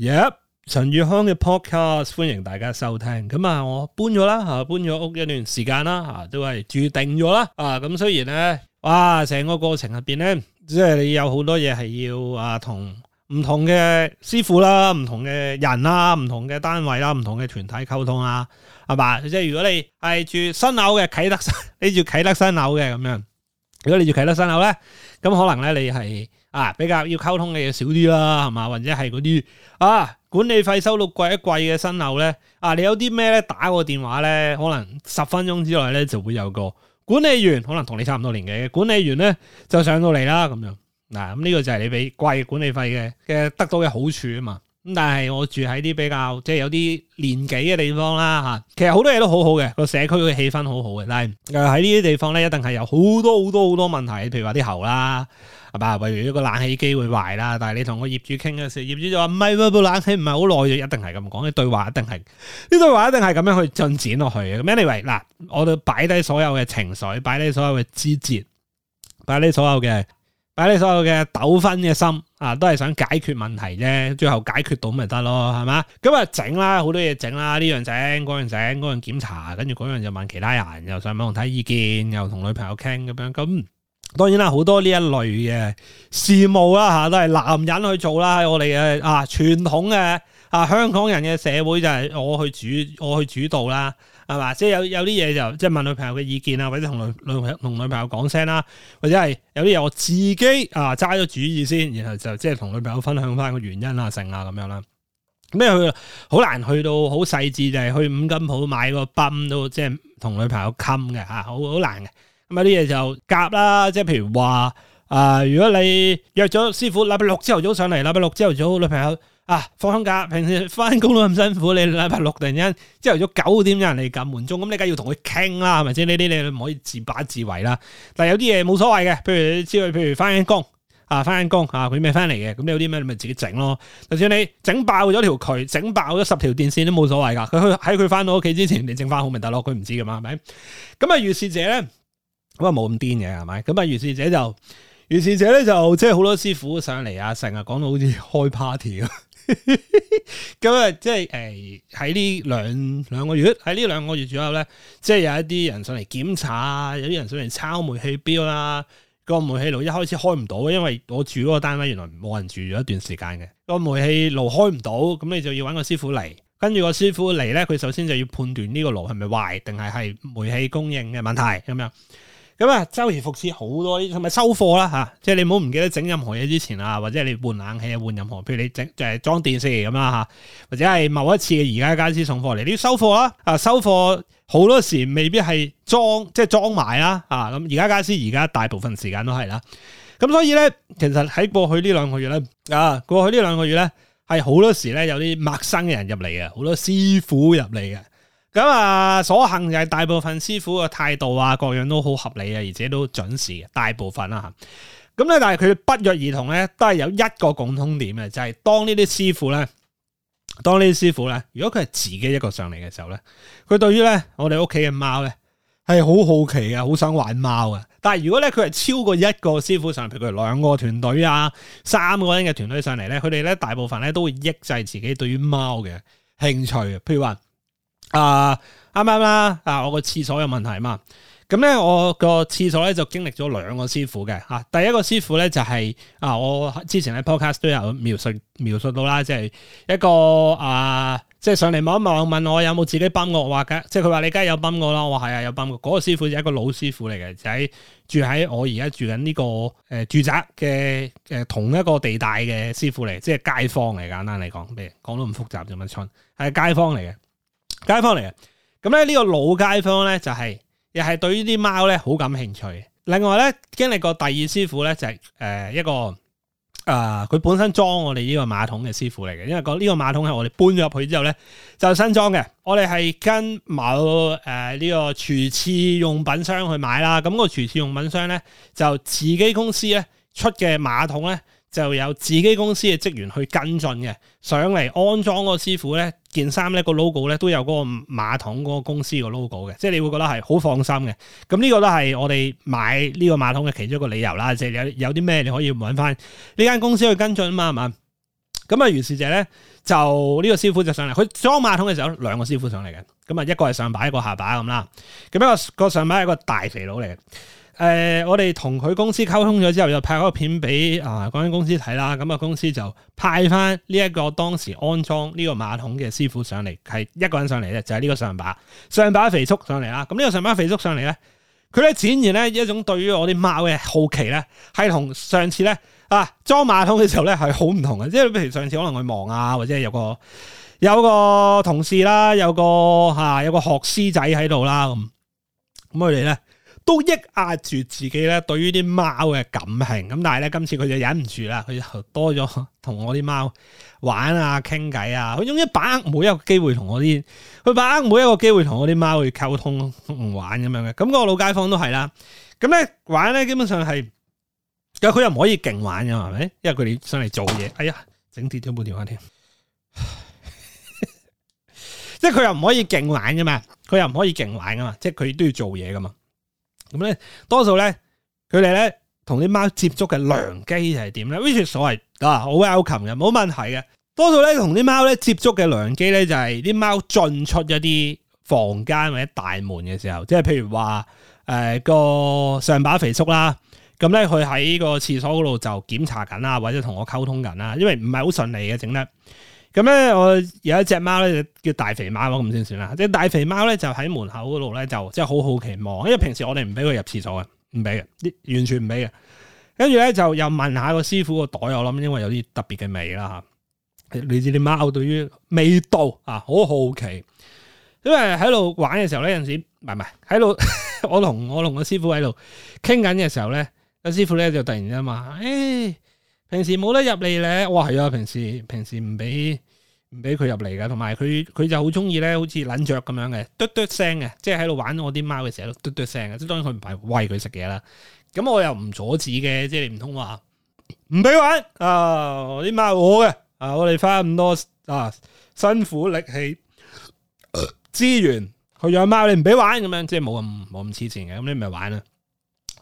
耶！陳宇康嘅 podcast，歡迎大家收聽。咁啊，我搬咗啦，啊搬咗屋一段時間啦，啊都係注定咗啦。啊咁，雖然咧，哇，成個過程入邊咧，即係你有好多嘢係要啊，同唔同嘅師傅啦、唔同嘅人啦、唔同嘅單位啦、唔同嘅團體溝通啊，係嘛？即係如果你係住新樓嘅啟德，你住啟德新樓嘅咁樣，如果你住啟德新樓咧，咁可能咧你係。啊，比較要溝通嘅嘢少啲啦，係嘛？或者係嗰啲啊，管理費收到貴一貴嘅新樓咧，啊你有啲咩咧，打個電話咧，可能十分鐘之內咧就會有個管理員，可能同你差唔多年紀嘅管理員咧就上到嚟啦咁樣。嗱，咁呢個就係你俾貴的管理費嘅嘅得到嘅好處啊嘛～咁但係我住喺啲比較即係、就是、有啲年紀嘅地方啦吓，其實好多嘢都好好嘅，個社區嘅氣氛好好嘅。但係誒喺呢啲地方咧，一定係有好多好多好多問題，譬如話啲喉啦，係嘛？譬如一個冷氣機會壞啦，但係你同個業主傾嘅時候，業主就話唔係，部冷氣唔係好耐，就一定係咁講。嘅對話一定係呢，對話一定係咁樣去進展落去嘅。咁 Anyway，嗱，我哋擺低所有嘅情緒，擺低所有嘅枝節，擺低所有嘅。睇、啊、你所有嘅糾紛嘅心啊，都係想解決問題啫，最後解決到咪得咯，係嘛？咁啊整啦，好多嘢整啦，呢樣整嗰樣整，嗰樣檢查，跟住嗰樣就問其他人，又上網睇意見，又同女朋友傾咁樣。咁、嗯、當然啦，好多呢一類嘅事務啦嚇、啊，都係男人去做啦。我哋嘅啊傳統嘅啊香港人嘅社會就係我去主我去主導啦。係嘛，即係有有啲嘢就即係問女朋友嘅意見啊，或者同女女同女朋友講聲啦，或者係有啲嘢我自己啊揸咗主意先，然後就即係同女朋友分享翻個原因啊，成啊咁樣啦。咩去好難去到好細緻，就係去五金鋪買個泵都即係同女朋友冚嘅嚇，好好難嘅。咁有啲嘢就夾啦，即係譬如話。啊、呃！如果你約咗師傅禮拜六朝頭早上嚟，禮拜六朝頭早，女朋友啊放假，平時翻工都咁辛苦，你禮拜六突然間朝頭早九點有人嚟撳門鐘，咁你梗要同佢傾啦，係咪先？呢啲你唔可以自把自為啦。但係有啲嘢冇所謂嘅，譬如你知佢，譬如翻緊工啊，翻緊工啊，嗰啲咩翻嚟嘅，咁有啲咩你咪自己整咯。就算你整爆咗條渠，整爆咗十條電線都冇所謂噶。佢喺佢翻到屋企之前，你整翻好咪得咯，佢唔知噶嘛，係咪？咁啊，於是者咧咁啊冇咁癲嘅係咪？咁啊於是者就。於是者咧，就即係好多師傅上嚟啊，成日講到好似開 party 咁，咁 啊即係誒喺呢兩兩個月喺呢兩個月左右咧，即係有一啲人上嚟檢查啊，有啲人上嚟抄煤氣表啦。個煤氣爐一開始開唔到，因為我住嗰個單位原來冇人住咗一段時間嘅，個煤氣爐開唔到，咁你就要搵個師傅嚟。跟住個師傅嚟咧，佢首先就要判斷呢個爐係咪壞，定係係煤氣供應嘅問題咁樣。咁啊，周而復始好多啲同埋收貨啦嚇，即係你唔好唔記得整任何嘢之前啊，或者你換冷氣啊，換任何，譬如你整誒裝電視咁啦嚇，或者係某一次嘅而家家私送貨嚟，你要收貨啦，啊收貨好多時未必係裝，即係裝埋啦咁，而家家私而家大部分時間都係啦，咁所以咧，其實喺過去呢兩個月咧，啊過去呢兩個月咧，係好多時咧有啲陌生嘅人入嚟嘅，好多師傅入嚟嘅。咁啊，所幸就係大部分師傅嘅態度啊，各樣都好合理啊，而且都準時，大部分啦吓。咁咧，但係佢不約而同咧，都係有一個共通點嘅，就係、是、當呢啲師傅咧，當呢啲師傅咧，如果佢係自己一個上嚟嘅時候咧，佢對於咧我哋屋企嘅貓咧係好好奇啊，好想玩貓啊。但係如果咧佢係超過一個師傅上，譬如兩個團隊啊，三個人嘅團隊上嚟咧，佢哋咧大部分咧都會抑制自己對於貓嘅興趣，譬如話。啊啱啱啦！啊，我個廁所有問題嘛？咁咧，我個廁所咧就經歷咗兩個師傅嘅吓、啊。第一個師傅咧就係、是、啊，我之前喺 Podcast 都有描述描述到啦，即、就、係、是、一個啊，即、就、係、是、上嚟望一望，問我有冇自己泵過。我話嘅即係佢話你而家有泵過啦。我話係啊，有泵過。嗰、那個師傅就係一個老師傅嚟嘅，就是、住喺我而家住緊呢、這個誒、呃、住宅嘅誒、呃、同一個地帶嘅師傅嚟，即係街坊嚟。簡單嚟講，咩講到咁複雜做乜春？係街坊嚟嘅。街坊嚟嘅，咁咧呢個老街坊咧就係，又係對呢啲貓咧好感興趣。另外咧，經歷過第二師傅咧就係，誒一個，啊佢本身裝我哋呢個馬桶嘅師傅嚟嘅，因為個呢個馬桶係我哋搬咗入去之後咧就新裝嘅。我哋係跟某誒呢個廚廁用品商去買啦，咁個廚廁用品商咧就自己公司咧出嘅馬桶咧就有自己公司嘅職員去跟進嘅，上嚟安裝嗰個師傅咧，件衫咧個 logo 咧都有嗰個馬桶嗰個公司嘅 logo 嘅，即係你會覺得係好放心嘅。咁呢個都係我哋買呢個馬桶嘅其中一個理由啦。即係有有啲咩你可以揾翻呢間公司去跟進啊嘛，係嘛？咁啊，袁小姐咧就呢個師傅就上嚟，佢裝馬桶嘅時候兩個師傅上嚟嘅，咁啊一個係上擺一個下擺咁啦。咁一個上一個上擺係一個大肥佬嚟嘅。誒、呃，我哋同佢公司溝通咗之後，又拍個個片俾啊嗰間公司睇啦。咁啊，公司就派翻呢一個當時安裝呢個馬桶嘅師傅上嚟，係一個人上嚟嘅，就係、是、呢個上把上把肥叔上嚟啦。咁呢個上把肥叔上嚟咧，佢咧展現咧一種對於我啲貓嘅好奇咧，係同上次咧啊裝馬桶嘅時候咧係好唔同嘅，即係譬如上次可能佢忙啊，或者有個有個同事啦，有個、啊、有個學師仔喺度啦咁，咁佢哋咧。都抑壓住自己咧，對於啲貓嘅感情，咁但係咧，今次佢就忍唔住啦，佢多咗同我啲貓玩啊，傾偈啊，佢總之把握每一個機會同我啲，佢把握每一個機會同我啲貓去溝通唔玩咁樣嘅，咁、嗰個老街坊都係啦，咁咧玩咧，基本上係，但佢又唔可以勁玩噶嘛，係咪？因為佢哋上嚟做嘢，哎呀，整跌咗部電話添， 即係佢又唔可以勁玩噶嘛，佢又唔可以勁玩噶嘛，即係佢都要做嘢噶嘛。咁咧，多數咧，佢哋咧同啲貓接觸嘅良機就係點咧？which 所謂啊，好 welcoming 嘅冇問題嘅。多數咧同啲貓咧接觸嘅良機咧，就係啲貓進出一啲房間或者大門嘅時候，即係譬如話誒個上把肥叔啦，咁咧佢喺個廁所嗰度就檢查緊啦，或者同我溝通緊啦，因為唔係好順利嘅整得。咁咧，我有一隻貓咧，叫大肥貓，咁先算啦。即係大肥貓咧，就喺門口嗰度咧，就即係好好奇望，因為平時我哋唔俾佢入廁所嘅，唔俾嘅，完全唔俾嘅。跟住咧，就又問下個師傅個袋，我諗因為有啲特別嘅味啦吓，類似啲貓對於味道，啊，於味道啊，好好奇。因為喺度玩嘅時候咧，有陣時唔係唔係喺度，我同我同個師傅喺度傾緊嘅時候咧，個師傅咧就突然之間話，誒。平時冇得入嚟咧，哇係啊！平時平時唔俾唔俾佢入嚟嘅，同埋佢佢就好中意咧，好似捻着咁樣嘅，嘟嘟聲嘅，即係喺度玩我啲貓嘅時候，嘟嘟聲嘅，即係當然佢唔係喂佢食嘢啦。咁我又唔阻止嘅，即係你唔通話唔俾玩啊？啲貓我嘅，啊我哋花咁多啊辛苦力氣資源去養貓，你唔俾玩咁樣，即係冇咁冇咁黐線嘅，咁你咪玩啦，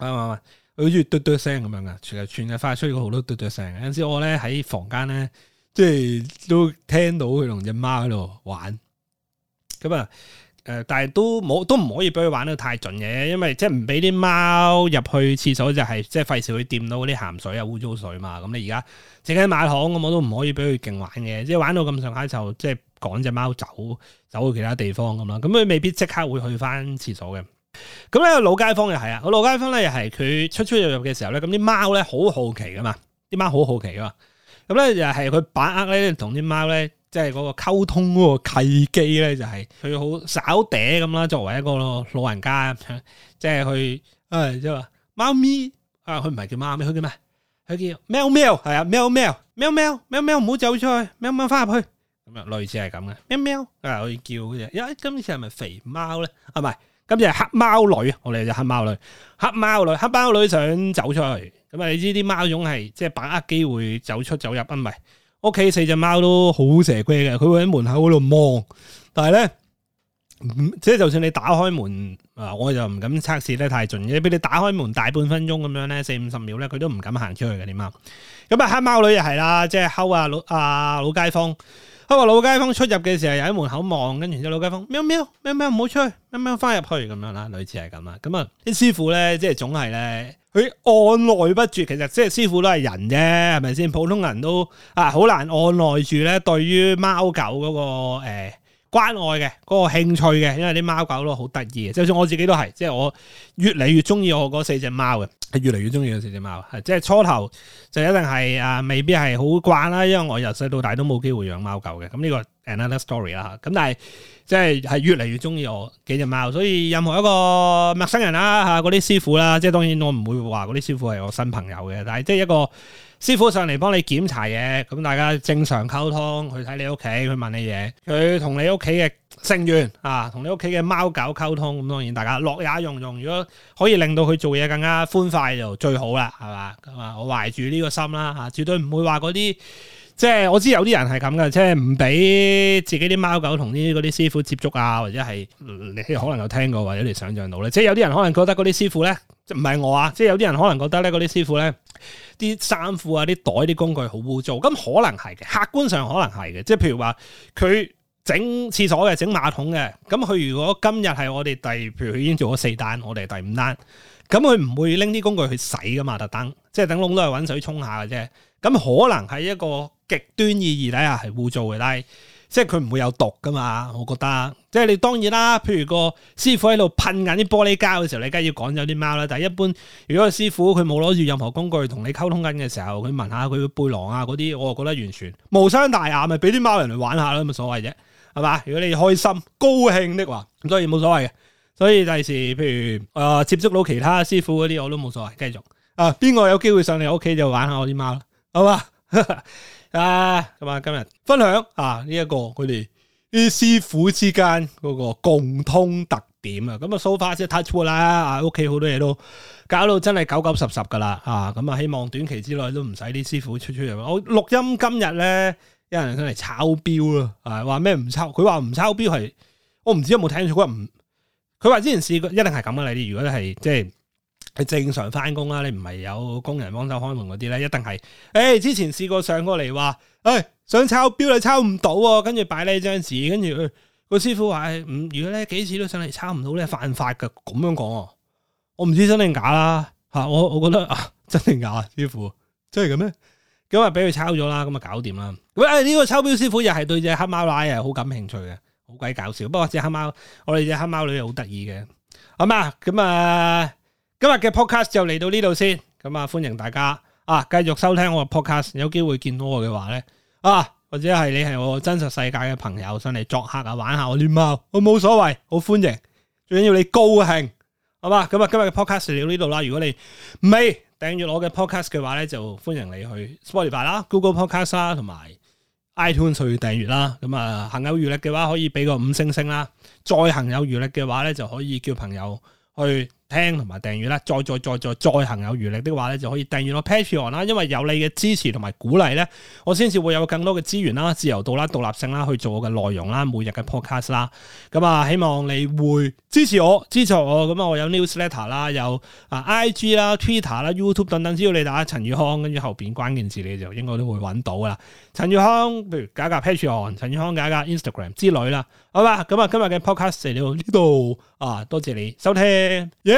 玩玩好似嘟嘟聲咁樣噶，全日全日發出好多嘟嘟聲。有陣時我咧喺房間咧，即係都聽到佢同隻貓喺度玩。咁啊，誒，但係都冇，都唔可以俾佢玩得太盡嘅，因為即係唔俾啲貓入去廁所就係即係費事去掂到啲鹹水啊、污糟水嘛。咁你而家整喺馬巷咁，我都唔可以俾佢勁玩嘅。即係玩到咁上下就即係趕隻貓走，走去其他地方咁啦。咁佢未必即刻會去翻廁所嘅。咁咧，老街坊又係啊，老街坊咧又係佢出出入入嘅時候咧，咁啲貓咧好好奇噶嘛，啲貓好好奇噶嘛，咁咧又係佢把握咧同啲貓咧，即係嗰個溝通嗰個契機咧，就係佢好掃嗲咁啦。作為一個老人家，即、就、係、是、去誒，即係話貓咪啊，佢唔係叫貓咪，佢叫咩？佢叫喵喵，係啊，喵喵，喵喵，喵喵，唔好走出去，喵喵翻入去，咁樣類似係咁嘅，喵喵啊，可以叫嘅。因、啊、咦，今次係咪肥貓咧？係咪？咁就係黑貓女，我哋就隻黑貓女，黑貓女，黑貓女想走出去，咁啊，你知啲貓總係即係把握機會走出走入啊，唔係屋企四隻貓都好蛇龜嘅，佢會喺門口嗰度望，但係咧，即係就算你打開門啊，我就唔敢測試得太盡，嘅俾你打開門大半分鐘咁樣咧，四五十秒咧，佢都唔敢行出去嘅啲貓，咁啊黑貓女又係啦，即係吓啊老啊老街坊。不過老街坊出入嘅時候，又喺門口望，跟住隻老街坊喵喵喵喵唔好出去，喵喵翻入去咁樣啦，類似係咁啦。咁啊，啲師傅咧，即係總係咧，佢按耐不住，其實即係師傅都係人啫，係咪先？普通人都啊，好難按耐住咧，對於貓狗嗰個，誒。欸關愛嘅嗰個興趣嘅，因為啲貓狗都好得意嘅，就算我自己都係，即係我越嚟越中意我嗰四隻貓嘅，係越嚟越中意嗰四隻貓，係即係初頭就一定係啊，未必係好慣啦，因為我由細到大都冇機會養貓狗嘅，咁呢個係 another story 啦、啊。咁但係即係係越嚟越中意我幾隻貓，所以任何一個陌生人啦、啊、吓，嗰啲師傅啦、啊，即係當然我唔會話嗰啲師傅係我新朋友嘅，但係即係一個。師傅上嚟幫你檢查嘢，咁大家正常溝通，去睇你屋企，去問你嘢，佢同你屋企嘅成員啊，同你屋企嘅貓狗溝通，咁當然大家樂也融融。如果可以令到佢做嘢更加歡快就最好啦，係嘛？咁啊，我懷住呢個心啦，嚇、啊、絕對唔會話嗰啲，即、就、係、是、我知有啲人係咁噶，即係唔俾自己啲貓狗同啲嗰啲師傅接觸啊，或者係、嗯、你可能有聽過或者你想象到咧，即、就、係、是、有啲人可能覺得嗰啲師傅咧，唔係我啊，即、就、係、是、有啲人可能覺得咧嗰啲師傅咧。啲衫褲啊、啲袋、啲工具好污糟，咁可能係嘅，客觀上可能係嘅，即係譬如話佢整廁所嘅、整馬桶嘅，咁佢如果今日係我哋第，譬如佢已經做咗四單，我哋第五單，咁佢唔會拎啲工具去洗噶嘛，特登，即係頂櫳都係揾水沖下嘅啫，咁可能係一個極端意義底下係污糟嘅，但係。即係佢唔會有毒噶嘛，我覺得。即係你當然啦，譬如個師傅喺度噴緊啲玻璃膠嘅時候，你梗係要趕走啲貓啦。但係一般如果個師傅佢冇攞住任何工具同你溝通緊嘅時候，佢聞下佢背囊啊嗰啲，我就覺得完全無傷大雅，咪俾啲貓人嚟玩下咯，冇所謂啫，係嘛？如果你開心高興的話，咁所以冇所謂嘅。所以第時譬如誒、呃、接觸到其他師傅嗰啲，我都冇所謂，繼續。啊，邊個有機會上你屋企就玩下我啲貓啦，好嘛？ 啊，咁啊，今日分享啊呢一個佢哋啲師傅之間嗰個共通特點啊，咁啊 so far 即 touch 啦，啊屋企好多嘢都搞到真係九九十十噶啦，啊咁啊希望短期之內都唔使啲師傅出出入入。我錄音今日咧，有人嚟抄表咯，啊話咩唔抄，佢話唔抄表係，我唔知有冇睇清楚，佢話唔，佢話之前試過一定係咁噶你啲如果係即係。你正常翻工啦，你唔係有工人幫手開門嗰啲咧，一定係誒、欸，之前試過上過嚟話，誒、欸、想抄表你抄唔到，啊，跟住擺呢張紙，跟住個師傅話誒，唔、欸、如果咧幾次都上嚟抄唔到咧，犯法噶，咁樣講啊，我唔知真定假啦吓，我我覺得啊，真定假，師傅真係咁咩？咁啊俾佢抄咗啦，咁啊搞掂啦，咁啊呢個抄表師傅又係對隻黑貓奶係好感興趣嘅，好鬼搞笑，不過隻黑貓，我哋隻黑貓女又好得意嘅，咁啊，咁啊。今日嘅 podcast 就嚟到呢度先，咁啊歡迎大家啊，繼續收聽我嘅 podcast。有機會見到我嘅話咧啊，或者係你係我真實世界嘅朋友上嚟作客啊，玩下我亂貓，我冇所謂，好歡迎。最緊要你高興，好吧？咁啊，今日嘅 podcast 嚟到呢度啦。如果你未訂閱我嘅 podcast 嘅話咧，就歡迎你去 Spotify 啦、Google Podcast 啦，同埋 iTunes 去訂閱啦。咁啊，行有餘力嘅話可以俾個五星星啦，再行有餘力嘅話咧就可以叫朋友去。聽同埋訂閱啦，再再再再再行有餘力的話咧，就可以訂閱我 Patreon 啦，因為有你嘅支持同埋鼓勵咧，我先至會有更多嘅資源啦、自由度啦、獨立性啦去做我嘅內容啦、每日嘅 Podcast 啦。咁啊，希望你會支持我、支持我。咁啊，我有 Newsletter 啦，有啊 IG 啦、Twitter 啦、YouTube 等等，只要你打陳宇康，跟住後邊關鍵字，你就應該都會搵到噶啦。陳宇康，譬如假假 Patreon，陳宇康假假 Instagram 之類啦。好啦，咁啊今日嘅 Podcast 就到呢度啊，多謝你收聽。Yeah!